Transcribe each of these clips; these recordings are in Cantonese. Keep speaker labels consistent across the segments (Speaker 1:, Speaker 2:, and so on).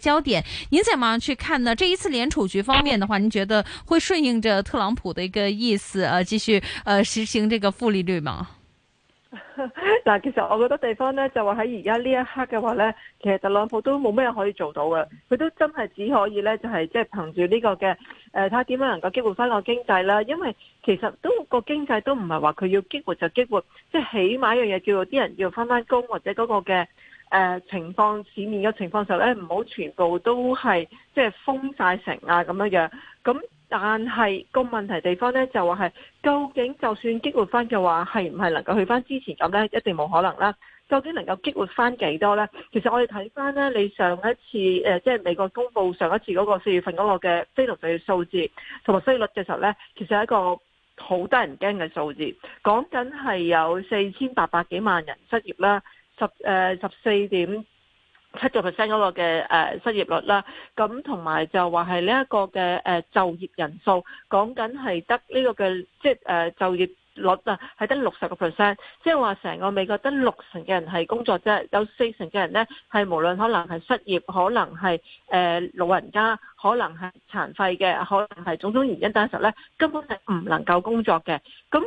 Speaker 1: 焦點，您怎麼去看呢？這一次聯儲局方面的話，您覺得會順應着特朗普的一個意思，呃，繼續呃實行這個負利率嗎？
Speaker 2: 嗱，其實我覺得地方呢，就話喺而家呢一刻嘅話呢，其實特朗普都冇咩可以做到嘅，佢都真係只可以呢，就係即係憑住呢個嘅，誒、呃，睇下點樣能夠激活翻個經濟啦。因為其實都、個經濟都唔係話佢要激活就激活，即、就、係、是、起碼一樣嘢叫做啲人要翻翻工或者嗰個嘅。誒、呃，情況市面嘅情況時候咧，唔好全部都係即係封晒城啊，咁樣樣。咁但係個問題地方咧就話係，究竟就算激活翻嘅話，係唔係能夠去翻之前咁咧？一定冇可能啦。究竟能夠激活翻幾多咧？其實我哋睇翻咧，你上一次誒、即、呃、係、就是、美國公布上一次嗰個四月份嗰個嘅非農就業數字同埋失業率嘅時候咧，其實係一個好得人驚嘅數字，講緊係有四千八百幾萬人失業啦。十誒十四點七個 percent 嗰個嘅誒失業率啦，咁同埋就話係呢一個嘅誒就業人數，講緊係得呢個嘅即係誒就業率啊，係得六十個 percent，即係話成個美國得六成嘅人係工作啫，有四成嘅人咧係無論可能係失業，可能係誒老人家，可能係殘廢嘅，可能係種種原因，嗰陣時候咧根本係唔能夠工作嘅，咁。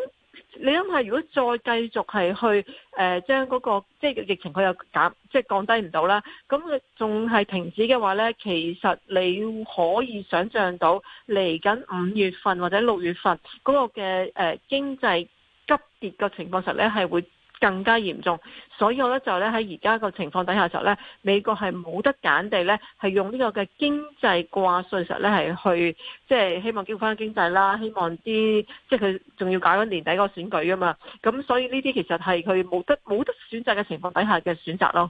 Speaker 2: 你諗下，如果再繼續係去誒將嗰個即係疫情佢又減，即係降低唔到啦，咁佢仲係停止嘅話咧，其實你可以想像到嚟緊五月份或者六月份嗰、那個嘅誒、呃、經濟急跌嘅情況時咧係會。更加嚴重，所以我咧就咧喺而家個情況底下就咧，美國係冇得揀地咧，係用呢個嘅經濟掛帥，實咧係去即係希望叫返翻經濟啦，希望啲即係佢仲要搞緊年底個個選舉啊嘛，咁所以呢啲其實係佢冇得冇得選擇嘅情況底下嘅選擇咯。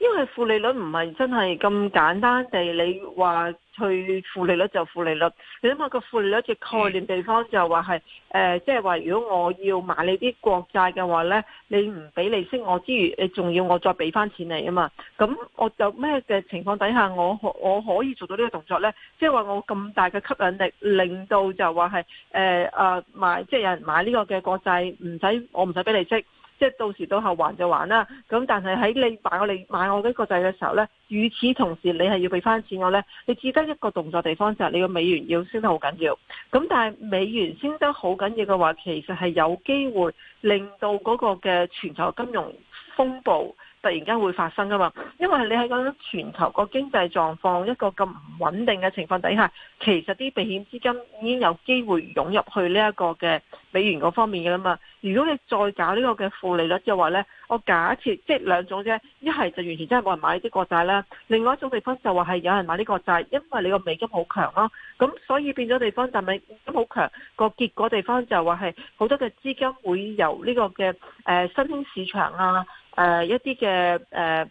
Speaker 2: 因為負利率唔係真係咁簡單地，你話去負利率就負利率。你諗下個負利率嘅概念，地方就話係誒，即係話如果我要買你啲國債嘅話呢，你唔畀利息我之餘，你仲要我再畀翻錢你啊嘛。咁我就咩嘅情況底下，我可我可以做到呢個動作呢，即係話我咁大嘅吸引力，令到就話係誒啊買，即係有人買呢個嘅國債，唔使我唔使俾利息。即係到時到後還就還啦，咁但係喺你買我哋買我呢個債嘅時候呢，與此同時你係要畀翻錢我呢。你只得一個動作地方就係你個美元要升得好緊要。咁但係美元升得好緊要嘅話，其實係有機會令到嗰個嘅全球金融風暴突然間會發生㗎嘛。因為你喺嗰種全球個經濟狀況一個咁唔穩定嘅情況底下，其實啲避險資金已經有機會湧入去呢一個嘅。美元嗰方面嘅嘛，如果你再搞呢個嘅負利率嘅話呢，我假設即係兩種啫，一係就完全真係冇人買呢啲國債啦，另外一種地方就話係有人買呢國債，因為你個美金好強咯，啊，咁所以變咗地方，但美金好強，個結果地方就話係好多嘅資金會由呢個嘅誒、呃、新興市場啊，誒、呃、一啲嘅誒，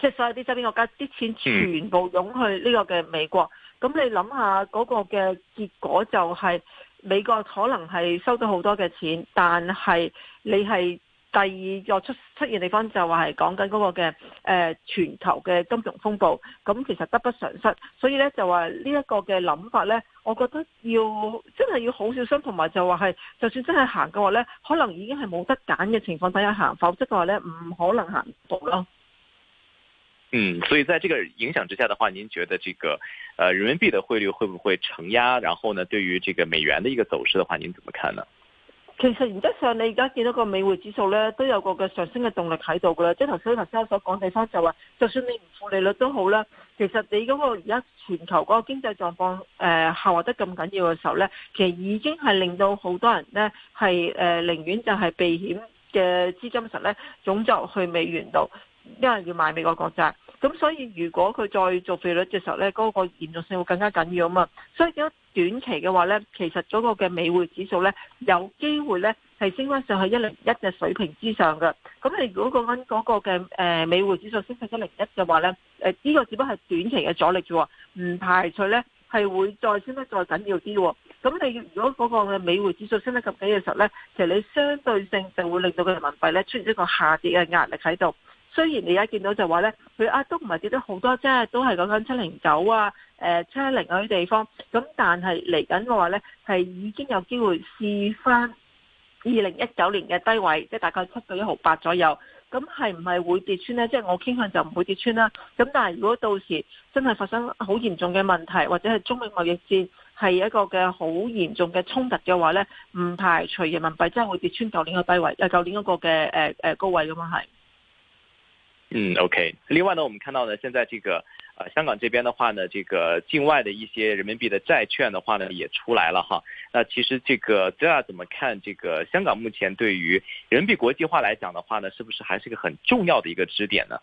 Speaker 2: 即係所有啲周邊國家啲錢全部湧去呢個嘅美國，咁你諗下嗰個嘅結果就係、是。美國可能係收咗好多嘅錢，但係你係第二個出出現地方就話係講緊嗰個嘅、呃、全球嘅金融風暴，咁其實得不償失。所以咧就話呢一個嘅諗法咧，我覺得要真係要好小心，同埋就話係，就算真係行嘅話咧，可能已經係冇得揀嘅情況底下行，否則嘅話咧唔可能行到咯。
Speaker 3: 嗯，所以在這個影響之下的話，您覺得這個，呃，人民幣的匯率會不會承壓？然後呢，對於這個美元的一個走勢的話，您怎麼看呢？
Speaker 2: 其實原則上你而家見到個美匯指數咧，都有個嘅上升嘅動力喺度噶啦，即係頭先頭先我所講地方就話，就算你唔負利率都好啦，其實你嗰個而家全球嗰個經濟狀況，誒、呃，下滑得咁緊要嘅時候咧，其實已經係令到好多人咧係誒寧願就係避險嘅資金實咧湧咗去美元度。因為要買美國國債，咁所以如果佢再做費率嘅時候咧，嗰、那個嚴重性會更加緊要啊嘛。所以點解短期嘅話咧，其實嗰個嘅美匯指數咧有機會咧係升翻上去一零一嘅水平之上嘅。咁你如果那個講緊嗰個嘅誒美匯指數升到一零一嘅話咧，誒、呃、呢、這個只不過係短期嘅阻力啫，唔排除咧係會再升得再緊要啲喎。咁你如果嗰個嘅美匯指數升得咁緊嘅時候咧，其實你相對性就會令到個人民幣咧出現一個下跌嘅壓力喺度。雖然你而家見到就話呢，佢啊都唔係跌得好多，即係都係講緊七零九啊、誒七一零嗰啲地方。咁但係嚟緊嘅話呢，係已經有機會試翻二零一九年嘅低位，即係大概七到一毫八左右。咁係唔係會跌穿呢？即係我傾向就唔會跌穿啦。咁但係如果到時真係發生好嚴重嘅問題，或者係中美貿易戰係一個嘅好嚴重嘅衝突嘅話呢，唔排除人民幣真係會跌穿舊年嘅低位，誒舊年嗰個嘅誒誒高位咁樣係。
Speaker 3: 嗯，OK。另外呢，我們看到呢，現在這個呃香港這邊的話呢，這個境外的一些人民幣的債券的話呢，也出來了哈。那其實這個 Sarah 怎麼看這個香港目前對於人民幣國際化來講的話呢，是不是還是個很重要的一個支點呢？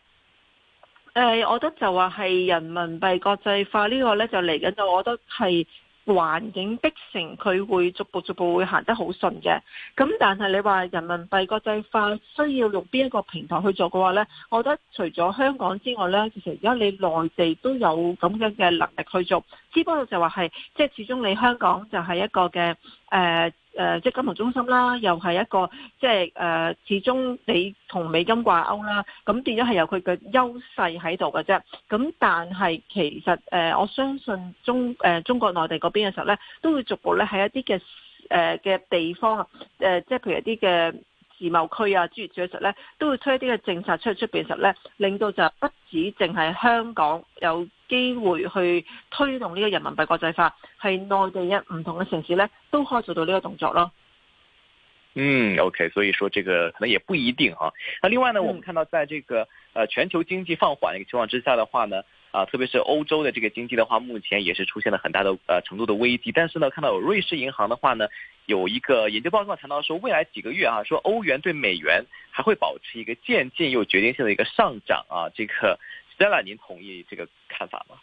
Speaker 2: 呃我覺得就話係人民幣國際化呢個呢，就嚟緊就我覺得係。環境逼成佢會逐步逐步會行得好順嘅，咁但係你話人民幣國際化需要用邊一個平台去做嘅話呢，我覺得除咗香港之外呢，其實而家你內地都有咁樣嘅能力去做。啲波就話係，即係始終你香港就係一個嘅誒、呃、即係金融中心啦，又係一個即係誒、呃，始終你同美金掛鈎啦，咁變咗係有佢嘅優勢喺度嘅啫。咁但係其實誒、呃，我相信中誒、呃、中國內地嗰邊嘅時候咧，都會逐步咧喺一啲嘅誒嘅地方誒、呃，即係譬如一啲嘅自貿區啊、諸如此類咧，都會推出一啲嘅政策出出邊時候咧，令到就不止淨係香港有。機會去推動呢個人民幣國際化，係內地一唔同嘅城市呢都可以做到呢個
Speaker 3: 動作咯。嗯，OK，所以說呢個可能也不一定啊。那另外呢，嗯、我們看到，在這個呃全球經濟放緩嘅情況之下的話呢，啊、呃，特別是歐洲嘅這個經濟的話，目前也是出現了很大的呃程度嘅危機。但是呢，看到有瑞士銀行嘅話呢，有一個研究報告談到，說未來幾個月啊，說歐元對美元還會保持一個漸進又決定性嘅一個上漲啊，這個。真係，你同意這個看法嗎？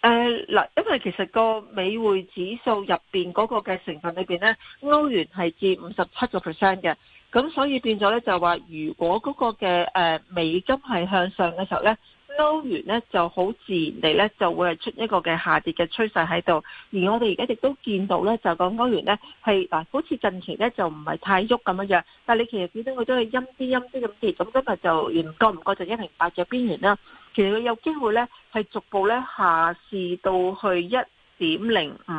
Speaker 2: 誒，嗱，因為其實個美匯指數入邊嗰個嘅成分裏邊咧，歐元係佔五十七個 percent 嘅，咁所以變咗咧就話，如果嗰個嘅誒、呃、美金係向上嘅時候咧。歐元呢就好自然地呢就會係出一個嘅下跌嘅趨勢喺度，而我哋而家亦都見到呢就講歐元呢係，嗱，好似近期呢就唔係太喐咁樣，但你其實見到佢都係陰啲、陰啲咁跌，咁今日就唔過唔過就一零八嘅邊緣啦。其實佢有機會呢係逐步呢下試到去一點零五，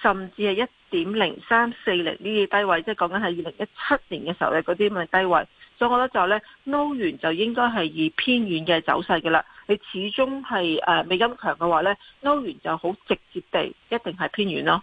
Speaker 2: 甚至係一點零三四零呢啲低位，即係講緊係二零一七年嘅時候呢嗰啲咁嘅低位。所以我覺得就係咧，歐元就應該係以偏遠嘅走勢嘅啦。你始終係誒美金強嘅話咧，歐元就好直接地一定係偏遠咯。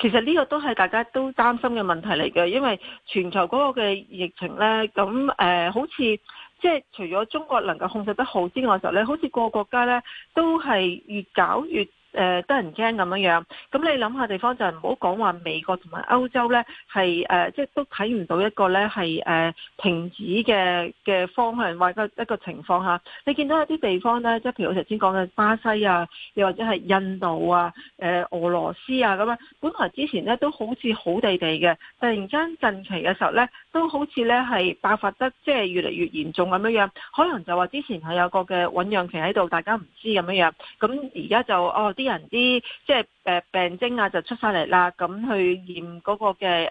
Speaker 2: 其實呢個都係大家都擔心嘅問題嚟嘅，因為全球嗰個嘅疫情咧，咁誒、呃，好似即係除咗中國能夠控制得好之外嘅時候咧，好似各個國家咧都係越搞越。誒得人驚咁樣樣，咁你諗下地方就唔好講話美國同埋歐洲咧，係誒即係都睇唔到一個咧係誒停止嘅嘅方向，或者一個情況下你見到一啲地方咧，即係譬如我頭先講嘅巴西啊，又或者係印度啊、誒、呃、俄羅斯啊咁樣，本來之前咧都好似好地地嘅，突然間近期嘅時候咧，都好似咧係爆發得即係越嚟越嚴重咁樣樣。可能就話之前係有個嘅醞釀期喺度，大家唔知咁樣樣，咁而家就哦。啲人啲即係誒病徵啊，就出晒嚟啦，咁去驗嗰個嘅誒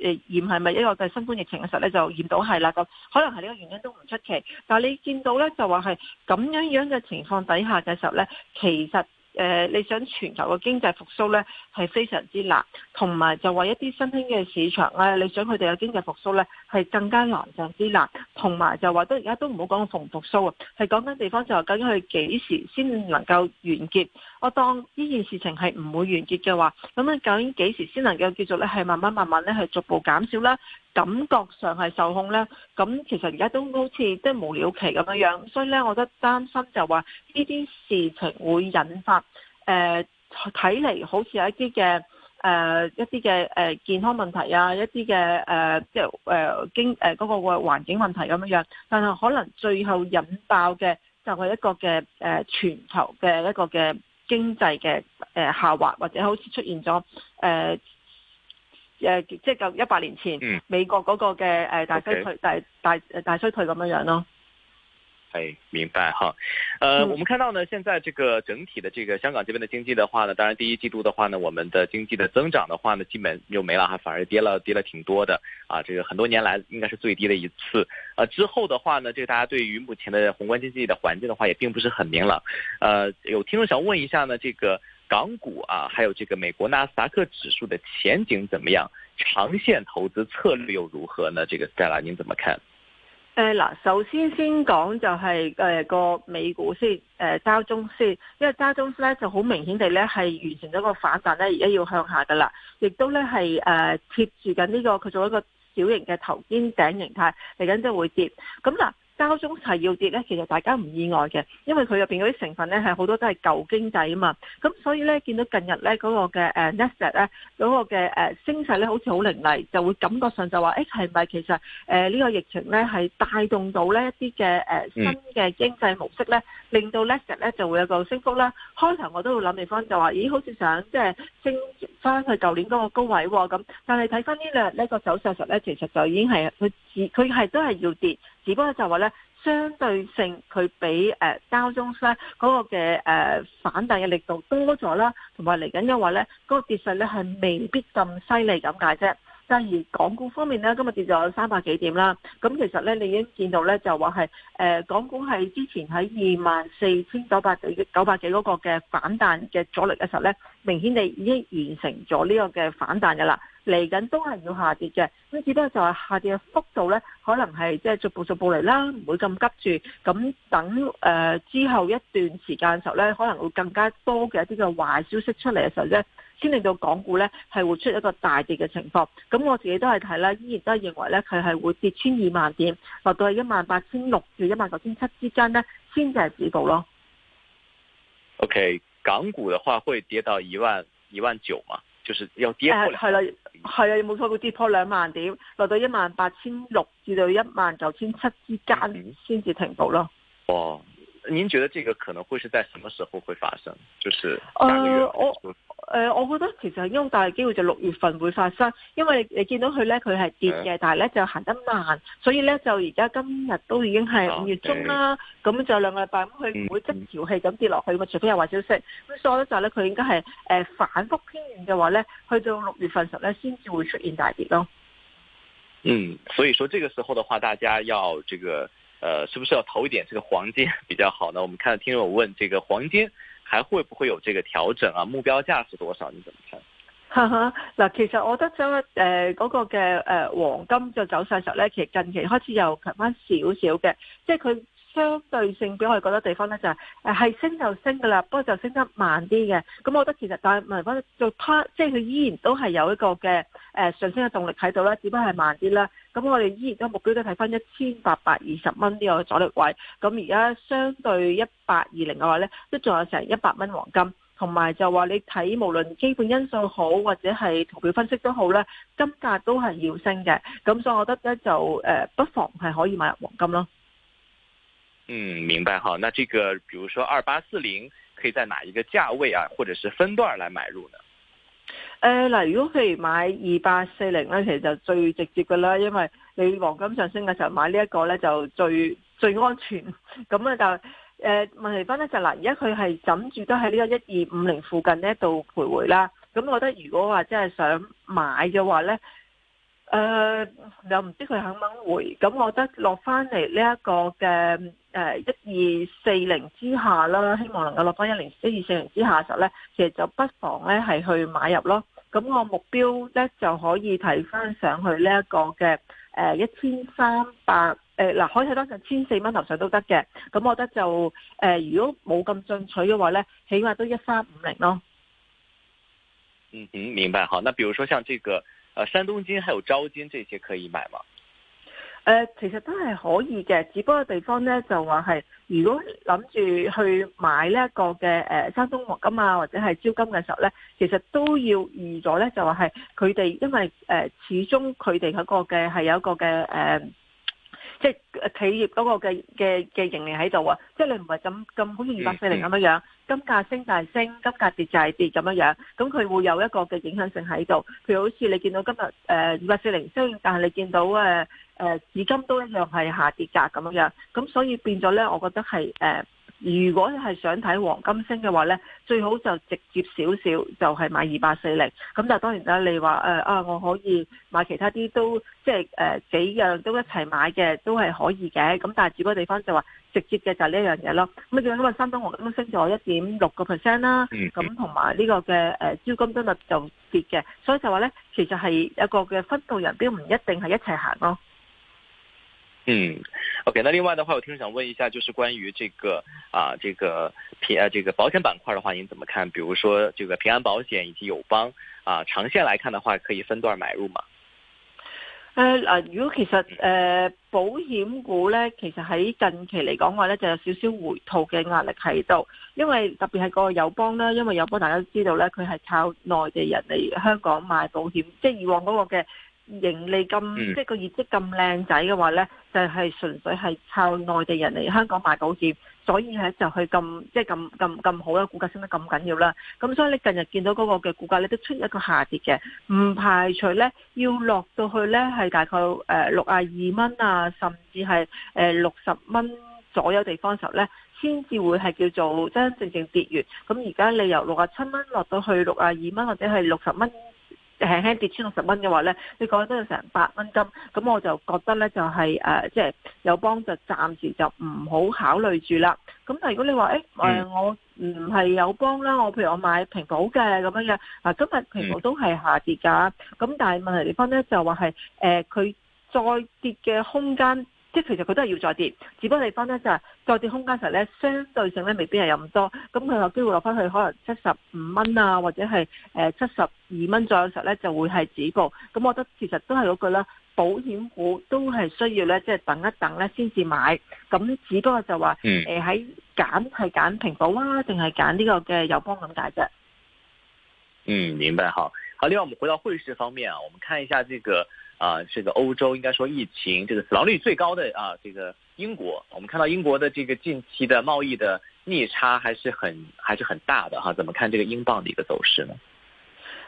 Speaker 2: 誒驗係咪一個嘅新冠疫情嘅時候咧，就驗到係啦，咁可能係呢個原因都唔出奇。但係你見到咧，就話係咁樣樣嘅情況底下嘅時候咧，其實。誒、呃，你想全球嘅經濟復甦咧，係非常之難，同埋就話一啲新興嘅市場咧，啊，你想佢哋嘅經濟復甦咧，係更加難上之難，同埋就話都而家都唔好講復唔復甦啊，係講緊地方就話究竟佢幾時先能夠完結？我當呢件事情係唔會完結嘅話，咁樣究竟幾時先能夠叫做咧係慢慢慢慢咧係逐步減少啦？感覺上係受控呢，咁其實而家都好似即係無了期咁樣樣，所以呢，我覺得擔心就話呢啲事情會引發，誒睇嚟好似有一啲嘅誒一啲嘅誒健康問題啊，一啲嘅誒即係經誒嗰、呃那個環境問題咁樣樣，但係可能最後引爆嘅就係一個嘅誒、呃、全球嘅一個嘅經濟嘅、呃、下滑，或者好似出現咗誒。呃誒，即係就一百年前，嗯、美國嗰個嘅誒大衰退、大、嗯、大大衰退咁樣樣咯。
Speaker 3: 係，明白哈。誒、呃嗯，我們看到呢，現在這個整體的這個香港這邊的經濟的話呢，當然第一季度的話呢，我們的經濟的增長的話呢，基本又沒了哈，反而跌了跌了挺多的。啊，這個很多年來應該是最低的一次。呃、啊，之後的話呢，這個大家對於目前的宏觀經濟的環境的話，也並不是很明朗。呃、啊，有聽眾想問一下呢，這個。港股啊，還有這個美國納斯達克指數的前景怎麼樣？長線投資策略又如何呢？這個戴拉您怎麼看？
Speaker 2: 誒、呃、嗱，首先先講就係誒個美股先，誒、呃、揸中線先，因為揸中線咧就好明顯地咧係完成咗個反彈咧，而家要向下噶啦，亦都咧係誒貼住緊、這、呢個佢做一個小型嘅頭肩頂形態嚟緊即係會跌，咁、嗯、嗱。呃交中齊要跌咧，其實大家唔意外嘅，因為佢入面嗰啲成分咧係好多都係舊經濟啊嘛，咁所以咧見到近日咧嗰、嗰個嘅納指咧嗰個嘅誒升勢咧好似好凌厲，就會感覺上就話誒係咪其實誒呢、呃這個疫情咧係帶動到呢一啲嘅誒新嘅經濟模式咧，令到納指咧就會有個升幅啦。開頭我都會諗翻就話，咦好似想即係升翻去舊年嗰個高位喎、哦、咁，但係睇翻呢兩呢個走勢實咧，其實就已經係佢自佢係都係要跌。如果就話咧，相對性佢比誒交中商嗰個嘅誒反彈嘅力度多咗啦，同埋嚟緊嘅話咧，嗰、那個跌勢咧係未必咁犀利咁解啫。而港股方面呢，今日跌咗三百幾點啦。咁其實呢，你已經見到呢，就話係、呃、港股係之前喺二萬四千九百幾九百幾嗰個嘅反彈嘅阻力嘅時候呢，明顯地已經完成咗呢個嘅反彈嘅啦。嚟緊都係要下跌嘅。咁只不過就係下跌嘅幅度呢，可能係即係逐步逐步嚟啦，唔會咁急住。咁等誒、呃、之後一段時間嘅時候呢，可能會更加多嘅一啲嘅壞消息出嚟嘅時候呢。先令到港股咧係會出一個大跌嘅情況，咁我自己都係睇啦，依然都係認為咧佢係會跌穿二萬點，落到一萬八千六至一萬九千七之間咧，先至係止步咯。
Speaker 3: OK，港股嘅話會跌到一萬一萬九嘛？就是要跌
Speaker 2: 係係啦，係、嗯、啊，冇錯，佢跌破兩萬點，落到一萬八千六至到一萬九千七之間先至停步咯。
Speaker 3: 哇、哦！您覺得這個可能會是在什麼時候會發生？就是，誒、呃，我
Speaker 2: 誒、呃，我覺得其實應該大機會就六月份會發生，因為你見到佢咧，佢係跌嘅，呃，但係咧就行得慢，所以咧就而家今日都已經係五月中啦，咁，啊嗯，就兩個禮拜，咁佢唔會即條氣咁跌落去，咁除非有壞消息，咁所以咧就咧佢應該係誒，呃，反覆偏軟嘅話咧，去到六月份時候咧先至會出現大跌咯。嗯，
Speaker 3: 所以說這個時候的話，大家要這個。呃，是不是要投一點這個黃金比較好呢？我們看到聽友問，這個黃金還會不會有這個調整啊？目標價是多少？你怎麼看？
Speaker 2: 哈嗱，其實我覺得將誒，呃那個嘅誒、呃、黃金就走勢時候咧，其實近期開始又強翻少少嘅，即係佢相對性比我哋覺得地方呢就係、是、係、呃、升就升噶啦，不過就升得慢啲嘅。咁、嗯、我覺得其實但係唔係翻做 part 即係佢依然都係有一個嘅誒、呃、上升嘅動力喺度咧，只不過係慢啲啦。咁我哋依然都目標都睇返一千八百二十蚊呢個阻力位，咁而家相對一百二零嘅話咧，都仲有成一百蚊黃金，同埋就話你睇無論基本因素好或者係圖表分析都好咧，金價都係要升嘅，咁所以我覺得咧就誒不妨係可以買入黃金咯。
Speaker 3: 嗯，明白，好，那這個，比如說二八四零，可以在哪一個價位啊，或者是分段來買入呢？
Speaker 2: 誒，嗱，如果譬如買二八四零咧，其實就最直接噶啦，因為你黃金上升嘅時候買呢一個咧就最最安全。咁啊，就誒、呃，問題翻咧就嗱，而家佢係枕住都喺呢個一二五零附近呢度徘徊啦。咁我覺得如果話真係想買嘅話咧，誒、呃，又唔知佢肯唔肯回。咁我覺得落翻嚟呢一個嘅。誒，一二四零之下啦，希望能夠落翻一零一二四零之下時候咧，其實就不妨咧係去買入咯。咁我目標咧就可以睇翻上去呢一個嘅誒一千三百誒嗱，可以睇翻上千四蚊頭上都得嘅。咁我覺得就誒，如果冇咁進取嘅話咧，起碼都一三五零咯。嗯
Speaker 3: 哼，明白。好，那比如說像這個誒、啊、山東金還有招金這些可以買嗎？
Speaker 2: 誒、呃，其實都係可以嘅，只不過地方咧就話係，如果諗住去買咧一個嘅誒、呃，山東黃金啊，或者係招金嘅時候咧，其實都要預咗咧，就話係佢哋因為誒、呃，始終佢哋嗰個嘅係有一個嘅誒、呃，即係企業嗰個嘅嘅嘅盈利喺度啊，即係你唔係咁咁好似二百四零咁樣樣，嗯嗯、金價升就係升，金價跌就係跌咁樣樣，咁佢會有一個嘅影響性喺度。譬如好似你見到今日誒二百四零升，呃、240，但係你見到誒。呃誒、呃，紫金都一樣係下跌價咁樣，咁所以變咗咧，我覺得係誒、呃，如果你係想睇黃金升嘅話咧，最好就直接少少就係買二八四零。咁但係當然啦，你話誒啊，我可以買其他啲都即係誒、呃、幾樣都一齊買嘅都係可以嘅。咁但係主要地方就話直接嘅就係呢樣嘢咯。咁啊，因為山東黃金升咗一點六個 percent 啦，咁同埋呢個嘅誒招金率就跌嘅，所以就話咧，其實係一個嘅分道揚鑣，唔一定係一齊行咯。
Speaker 3: 嗯，OK，那另外的話，我聽想問一下，就是關於這個啊，這個平啊，這個保險板塊的話，您怎麼看？比如說這個平安保險以及友邦，啊，長線來看的話，可以分段買入嗎？
Speaker 2: 誒，嗱，如果其實誒、呃，保險股咧，其實喺近期嚟講話咧，就有少少回吐嘅壓力喺度，因為特別係個友邦啦，因為友邦大家都知道咧，佢係靠內地人嚟香港買保險，即係以往嗰個嘅。盈利咁，即係個業績咁靚仔嘅話呢，就係、是、純、嗯就是、粹係靠內地人嚟香港買保險，所以係就係咁，即係咁咁咁好啦，股價升得咁緊要啦。咁所以你近日見到嗰個嘅股價，呢，都出現一個下跌嘅，唔排除呢，要落到去呢係大概誒六啊二蚊啊，甚至係誒六十蚊左右地方時時候呢，先至會係叫做真真正正跌完。咁而家你由六啊七蚊落到去六啊二蚊，或者係六十蚊。輕輕跌穿六十蚊嘅話呢，你講真係成百蚊金，咁我就覺得呢就係、是、誒，即係友邦就暫、是、時就唔好考慮住啦。咁但係如果你話誒誒，我唔係友邦啦，我譬如我買平保嘅咁樣嘅，嗱、啊、今日平保都係下跌㗎，咁、嗯、但係問題地方呢，就話係誒佢再跌嘅空間。即係其實佢都係要再跌，只不過地方咧就係再跌空間時咧相對性咧未必係有咁多，咁佢有機會落翻去可能七十五蚊啊，或者係誒七十二蚊左右時咧就會係止步。咁我覺得其實都係嗰句啦，保險股都係需要咧，即係等一等咧先至買。咁只不過就話，誒喺揀係揀平保呀定係揀呢個嘅友邦咁解啫。
Speaker 3: 嗯，明白哈。好，另外我們回到匯市方面啊，我們看一下呢、呢個。啊，這個歐洲應該說疫情這個死亡率最高的啊，這個英國，我們看到英國的這個近期的貿易的逆差還是很還是很大的哈、啊，怎麼看這個英鎊的一個走勢呢？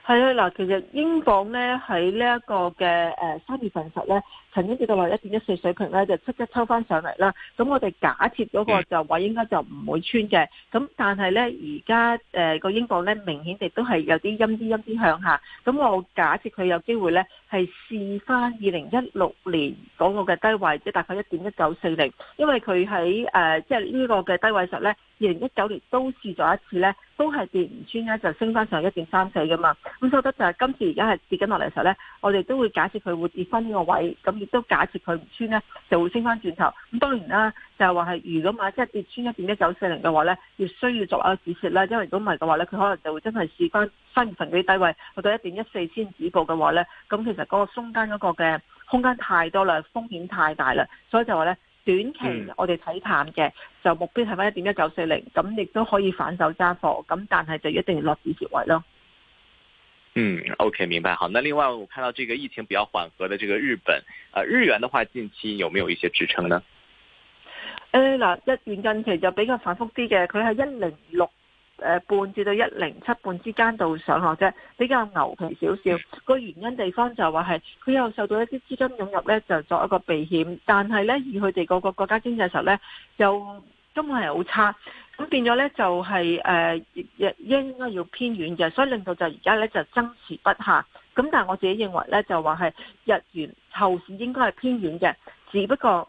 Speaker 2: 係啊，嗱，其實英鎊呢喺呢一個嘅誒三月份實呢。曾經跌到落一點一四水平咧，就即刻抽翻上嚟啦。咁我哋假設嗰個就位應該就唔會穿嘅。咁但係咧，而家誒個英鎊咧，明顯亦都係有啲陰啲陰啲向下。咁我假設佢有機會咧，係試翻二零一六年嗰個嘅低位，即係大概一點一九四零。因為佢喺誒即係呢個嘅低位時候咧，二零一九年都試咗一次咧，都係跌唔穿咧，就升翻上一點三四噶嘛。咁所以覺得就係今次而家係跌緊落嚟時候咧，我哋都會假設佢會跌翻呢個位咁。亦都假設佢唔穿咧，就會升翻轉頭。咁當然啦，就係話係如果啊，即係跌穿一點一九四零嘅話咧，要需要作一個止蝕啦。因為如果唔係嘅話咧，佢可能就會真係試翻三月份嗰啲低位去到一點一四先止步嘅話咧，咁其實嗰個中間嗰個嘅空間太多啦，風險太大啦，所以就話咧短期我哋睇淡嘅、嗯，就目標係翻一點一九四零，咁亦都可以反手揸貨，咁但係就一定要落止蝕位咯。
Speaker 3: 嗯，OK，明白。好，那另外我看到這個疫情比較緩和的這個日本，啊，日元的話近期有沒有一些支撐呢？
Speaker 2: 誒、呃，嗱，日元近期就比較反覆啲嘅，佢係一零六誒半至到一零七半之間度上落啫，比較牛皮少少。個原因地方就話係佢又受到一啲資金湧入咧，就作一個避險，但係咧以佢哋個國家經濟嘅時候咧，就根本係好差。咁變咗咧就係誒日應該要偏遠嘅，所以令到就而家咧就爭持不下。咁但係我自己認為咧就話係日元後市應該係偏遠嘅，只不過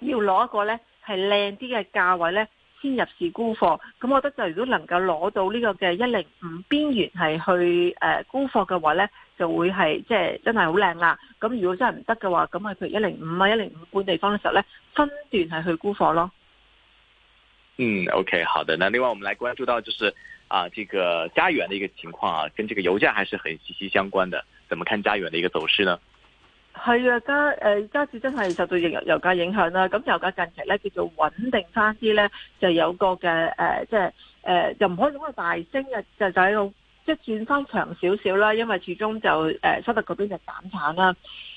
Speaker 2: 要攞一個咧係靚啲嘅價位咧先入市沽貨。咁我覺得就如果能夠攞到呢個嘅一零五邊緣係去誒沽貨嘅話咧，就會係即係真係好靚啦。咁如果真係唔得嘅話，咁係譬如一零五啊、一零五半地方嘅時候咧，分段係去沽貨咯。
Speaker 3: 嗯，OK，好的。那另外我們來關注到，就是啊，這個加元的一個情況啊，跟這個油價還是很息息相關的。怎麼看加元的一個走勢呢？
Speaker 2: 係啊，加誒，加紙真係受到油價影響啦。咁油價近期咧叫做穩定翻啲咧，就有個嘅誒，即係誒，就唔可以咁去大升嘅，就就喺度。就是即係轉翻長少少啦，因為始終就誒沙特嗰邊就減產啦。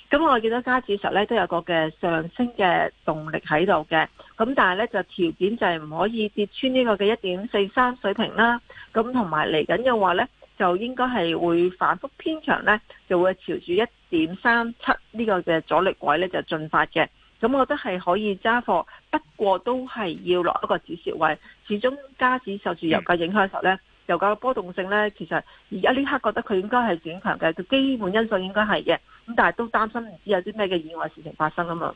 Speaker 2: 咁我見到加指實咧都有個嘅上升嘅動力喺度嘅。咁但係咧就條件就係唔可以跌穿呢個嘅一點四三水平啦。咁同埋嚟緊嘅話咧，就應該係會反覆偏強咧，就會朝住一點三七呢個嘅阻力位咧就進發嘅。咁我覺得係可以揸貨，不過都係要落一個止蝕位，始終加指受住油價影響嘅時候咧。嗯油價嘅波動性呢，其實而家呢刻覺得佢應該係轉強嘅，佢基本因素應該係嘅，咁但係都擔心唔知有啲咩嘅意外事情發生啊嘛。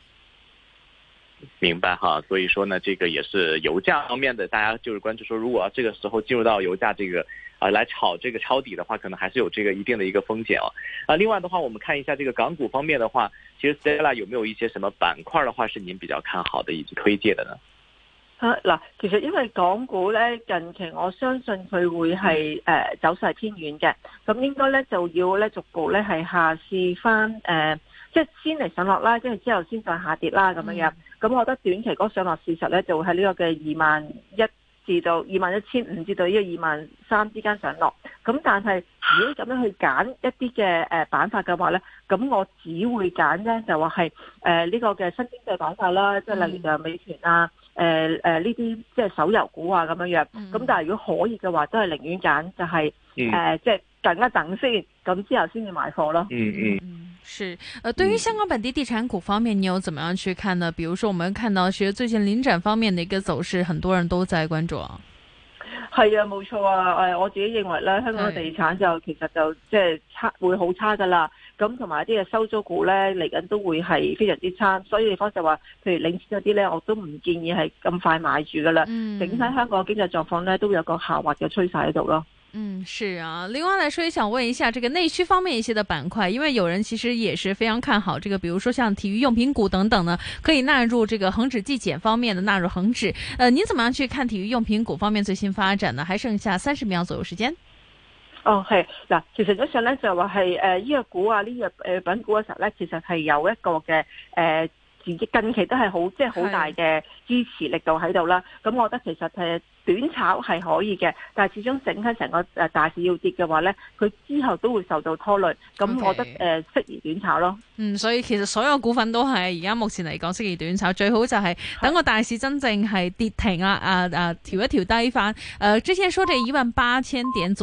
Speaker 3: 明白哈，所以說呢，這個也是油價方面的，大家就是關注，說如果要、啊、這個時候進入到油價這個啊，來炒這個抄底的話，可能還是有這個一定的一個風險哦、啊。啊，另外的話，我們看一下這個港股方面的話，其實 Stella 有沒有一些什麼板塊的話是您比較看好的，以及推介的呢？
Speaker 2: 嗱，其實因為港股咧近期，我相信佢會係誒走勢偏軟嘅，咁、嗯、應該咧就要咧逐步咧係下試翻誒，即、呃、係、就是、先嚟上落啦，即係之後先再下跌啦咁樣樣。咁我覺得短期嗰上落事實咧就會喺呢個嘅二萬一至到二萬一千五至到呢個二萬三之間上落。咁但係如果咁樣去揀一啲嘅誒板塊嘅話咧，咁我只會揀咧就話係誒呢個嘅新經濟板塊啦，即係例如就美團、嗯、啊。誒、呃、誒，呢、呃、啲即係手遊股啊，咁樣樣。咁、嗯、但係如果可以嘅話，都係寧願揀就係、是、誒、嗯呃，即係更加等先，咁之後先至買貨咯。嗯
Speaker 1: 嗯嗯，是。誒、呃，對於香港本地地產股方面，你有怎麼樣去看呢？嗯、比如說，我們看到其實最近領展方面的一個走勢，很多人都在關注。
Speaker 2: 係啊，冇錯啊。誒、哎，我自己認為咧，香港地產就、哎、其實就即係差，會好差噶啦。咁同埋一啲嘅收租股咧，嚟緊都會係非常之差，所以方就話，譬如領錢嗰啲咧，我都唔建議係咁快買住噶啦，嗯。整體香港經濟狀況咧，都有個下滑嘅趨勢喺度咯。嗯，
Speaker 1: 是啊。另外來說，想問一下，這個內需方面一些嘅板塊，因為有人其實也是非常看好，這個，比如說像體育用品股等等呢，可以納入這個恒指季檢方面的納入恒指。呃，你怎麼樣去看體育用品股方面最新發展呢？還剩下三十秒左右時間。
Speaker 2: 哦，係嗱。其實，總上咧就話係誒呢個股啊，呢、這個品股嘅時候咧，其實係有一個嘅誒，自、呃、己近期都係好即係好大嘅支持力度喺度啦。咁我覺得其實係短炒係可以嘅，但係始終整體成個大市要跌嘅話咧，佢之後都會受到拖累。咁、
Speaker 1: okay. 我覺得誒、呃、適宜短炒咯。嗯，所以其實所有股份都係而家目前嚟講適宜短炒，最好就係等個大市真正係跌停啊啊啊，調一調低翻。誒、啊，之前說嘅一萬八千點。